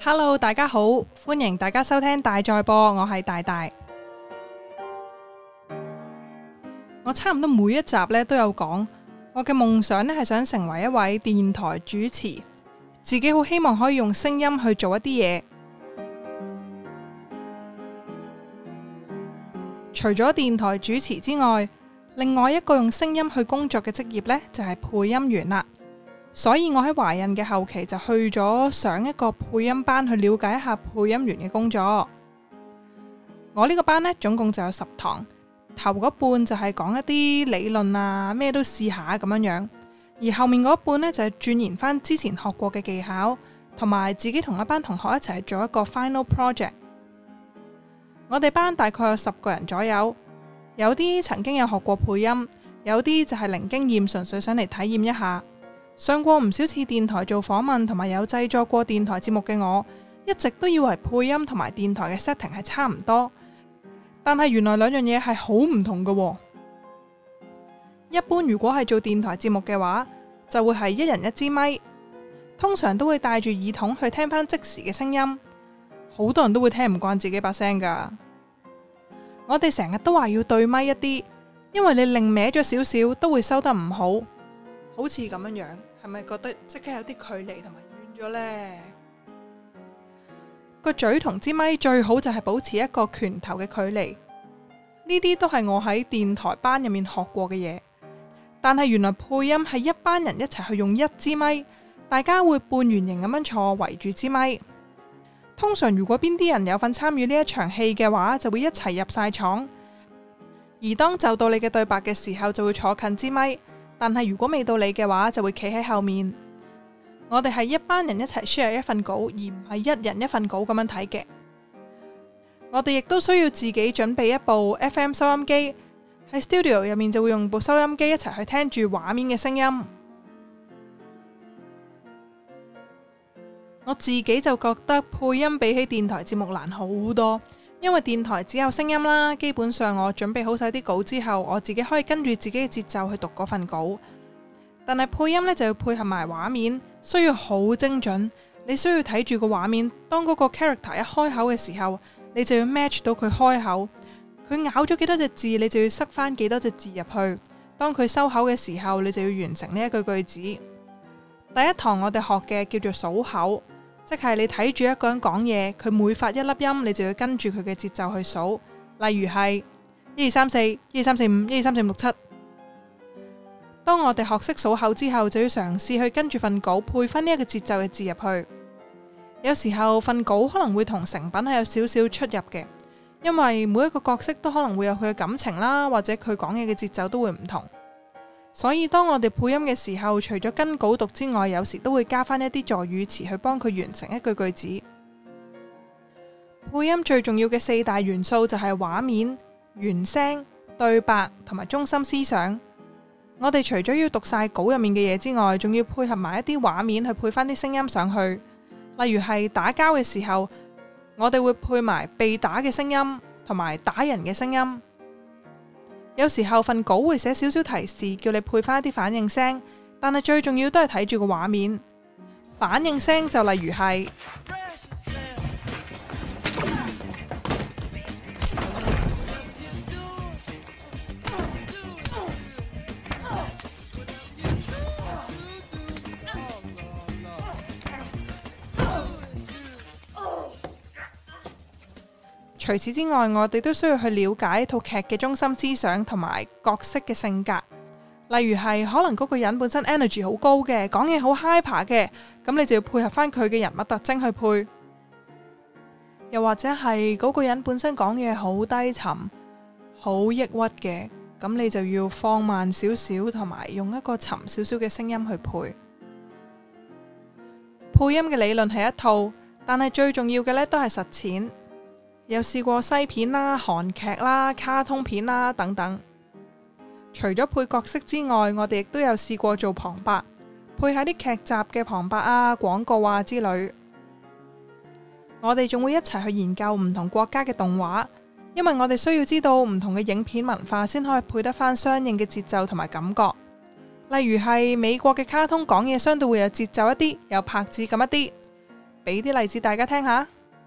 Hello，大家好，歡迎大家收聽大在播，我係大大。我差唔多每一集呢都有講，我嘅夢想呢係想成為一位電台主持，自己好希望可以用聲音去做一啲嘢。除咗電台主持之外，另外一個用聲音去工作嘅職業呢，就係配音員啦。所以我喺懷孕嘅後期就去咗上一個配音班，去了解一下配音員嘅工作。我呢個班呢，總共就有十堂，頭嗰半就係講一啲理論啊，咩都試下咁樣樣，而後面嗰半呢，就係鑽研翻之前學過嘅技巧，同埋自己同一班同學一齊做一個 final project。我哋班大概有十個人左右，有啲曾經有學過配音，有啲就係零經驗，純粹想嚟體驗一下。上過唔少次電台做訪問，同埋有製作過電台節目嘅我，一直都以為配音同埋電台嘅 setting 係差唔多，但係原來兩樣嘢係好唔同嘅。一般如果係做電台節目嘅話，就會係一人一支咪，通常都會戴住耳筒去聽返即時嘅聲音，好多人都會聽唔慣自己把聲噶。我哋成日都話要對咪一啲，因為你擰歪咗少少都會收得唔好，好似咁樣樣。係咪覺得即刻有啲距離同埋遠咗呢？個嘴同支咪，咪最好就係保持一個拳頭嘅距離，呢啲都係我喺電台班入面學過嘅嘢。但係原來配音係一班人一齊去用一支咪，大家會半圓形咁樣坐圍住支咪。通常如果邊啲人有份參與呢一場戲嘅話，就會一齊入晒廠。而當就到你嘅對白嘅時候，就會坐近支咪。但係如果未到你嘅話，就會企喺後面。我哋係一班人一齊 share 一份稿，而唔係一人一份稿咁樣睇嘅。我哋亦都需要自己準備一部 FM 收音機，喺 studio 入面就會用部收音機一齊去聽住畫面嘅聲音。我自己就覺得配音比起電台節目難好多。因為電台只有聲音啦，基本上我準備好晒啲稿之後，我自己可以跟住自己嘅節奏去讀嗰份稿。但係配音呢，就要配合埋畫面，需要好精準。你需要睇住個畫面，當嗰個 character 一開口嘅時候，你就要 match 到佢開口。佢咬咗幾多隻字，你就要塞翻幾多隻字入去。當佢收口嘅時候，你就要完成呢一句句子。第一堂我哋學嘅叫做數口。即係你睇住一個人講嘢，佢每發一粒音，你就要跟住佢嘅節奏去數。例如係一二三四，一二三四五，一二三四五六七。當我哋學識數口之後，就要嘗試去跟住份稿配翻呢一個節奏嘅字入去。有時候份稿可能會同成品係有少少出入嘅，因為每一個角色都可能會有佢嘅感情啦，或者佢講嘢嘅節奏都會唔同。所以當我哋配音嘅時候，除咗跟稿讀之外，有時都會加翻一啲助語詞去幫佢完成一句句子。配音最重要嘅四大元素就係畫面、原聲、對白同埋中心思想。我哋除咗要讀晒稿入面嘅嘢之外，仲要配合埋一啲畫面去配翻啲聲音上去。例如係打交嘅時候，我哋會配埋被打嘅聲音同埋打人嘅聲音。有時候份稿會寫少少提示，叫你配返一啲反應聲，但係最重要都係睇住個畫面。反應聲就例如係。除此之外，我哋都需要去了解一套劇嘅中心思想同埋角色嘅性格。例如係可能嗰個人本身 energy 好高嘅，講嘢好 hyper 嘅，咁你就要配合翻佢嘅人物特徵去配。又或者係嗰個人本身講嘢好低沉、好抑鬱嘅，咁你就要放慢少少，同埋用一個沉少少嘅聲音去配。配音嘅理論係一套，但係最重要嘅咧都係實踐。有試過西片啦、韓劇啦、卡通片啦等等。除咗配角色之外，我哋亦都有試過做旁白，配下啲劇集嘅旁白啊、廣告啊之類。我哋仲會一齊去研究唔同國家嘅動畫，因為我哋需要知道唔同嘅影片文化，先可以配得翻相應嘅節奏同埋感覺。例如係美國嘅卡通講嘢，相對會有節奏一啲，有拍子咁一啲。俾啲例子大家聽下。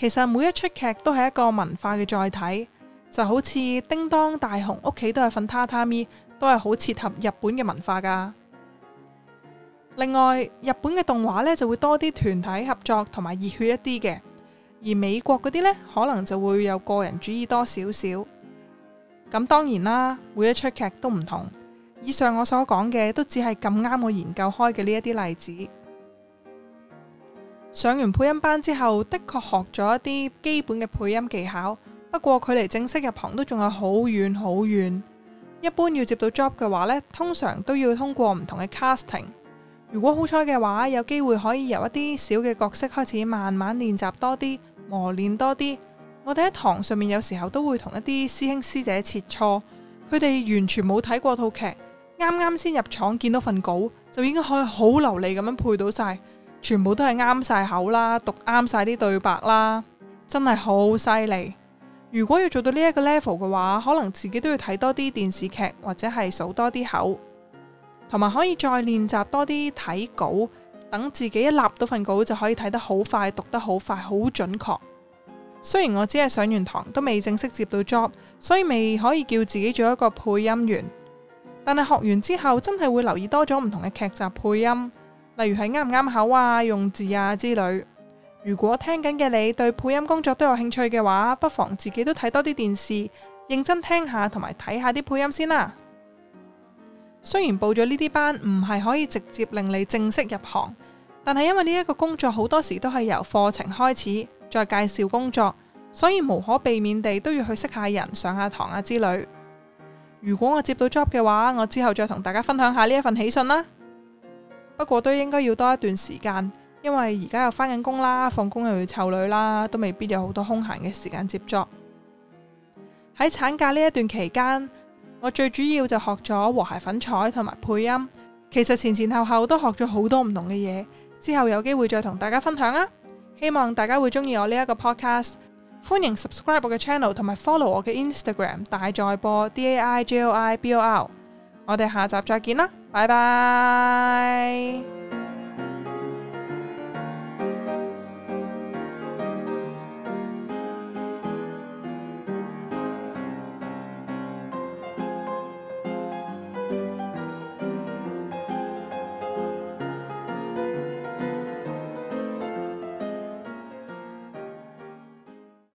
其實每一出劇都係一個文化嘅載體，就好似《叮當大雄》屋企都係份《榻榻 t 都係好切合日本嘅文化噶。另外，日本嘅動畫呢就會多啲團體合作同埋熱血一啲嘅，而美國嗰啲呢可能就會有個人主義多少少。咁當然啦，每一出劇都唔同，以上我所講嘅都只係咁啱我研究開嘅呢一啲例子。上完配音班之後，的確學咗一啲基本嘅配音技巧，不過距離正式入行都仲有好遠好遠。一般要接到 job 嘅話呢，通常都要通過唔同嘅 casting。如果好彩嘅話，有機會可以由一啲小嘅角色開始，慢慢練習多啲，磨練多啲。我哋喺堂上面有時候都會同一啲師兄師姐切磋，佢哋完全冇睇過套劇，啱啱先入廠見到份稿，就已經可以好流利咁樣配到晒。全部都係啱晒口啦，讀啱晒啲對白啦，真係好犀利！如果要做到呢一個 level 嘅話，可能自己都要睇多啲電視劇或者係數多啲口，同埋可以再練習多啲睇稿，等自己一立到份稿就可以睇得好快，讀得好快，好準確。雖然我只係上完堂都未正式接到 job，所以未可以叫自己做一個配音員，但係學完之後真係會留意多咗唔同嘅劇集配音。例如係啱唔啱口啊、用字啊之類。如果聽緊嘅你對配音工作都有興趣嘅話，不妨自己都睇多啲電視，認真聽下同埋睇下啲配音先啦。雖然報咗呢啲班唔係可以直接令你正式入行，但係因為呢一個工作好多時都係由課程開始，再介紹工作，所以無可避免地都要去識下人、上下堂啊之類。如果我接到 job 嘅話，我之後再同大家分享下呢一份喜訊啦。不過都應該要多一段時間，因為而家又返緊工啦，放工又要湊女啦，都未必有好多空閒嘅時間接觸。喺產假呢一段期間，我最主要就學咗和諧粉彩同埋配音。其實前前後後都學咗好多唔同嘅嘢，之後有機會再同大家分享啊！希望大家會中意我呢一個 podcast，歡迎 subscribe 我嘅 channel 同埋 follow 我嘅 Instagram 大在播 D A I J O I B O L。我哋下集再見啦，拜拜。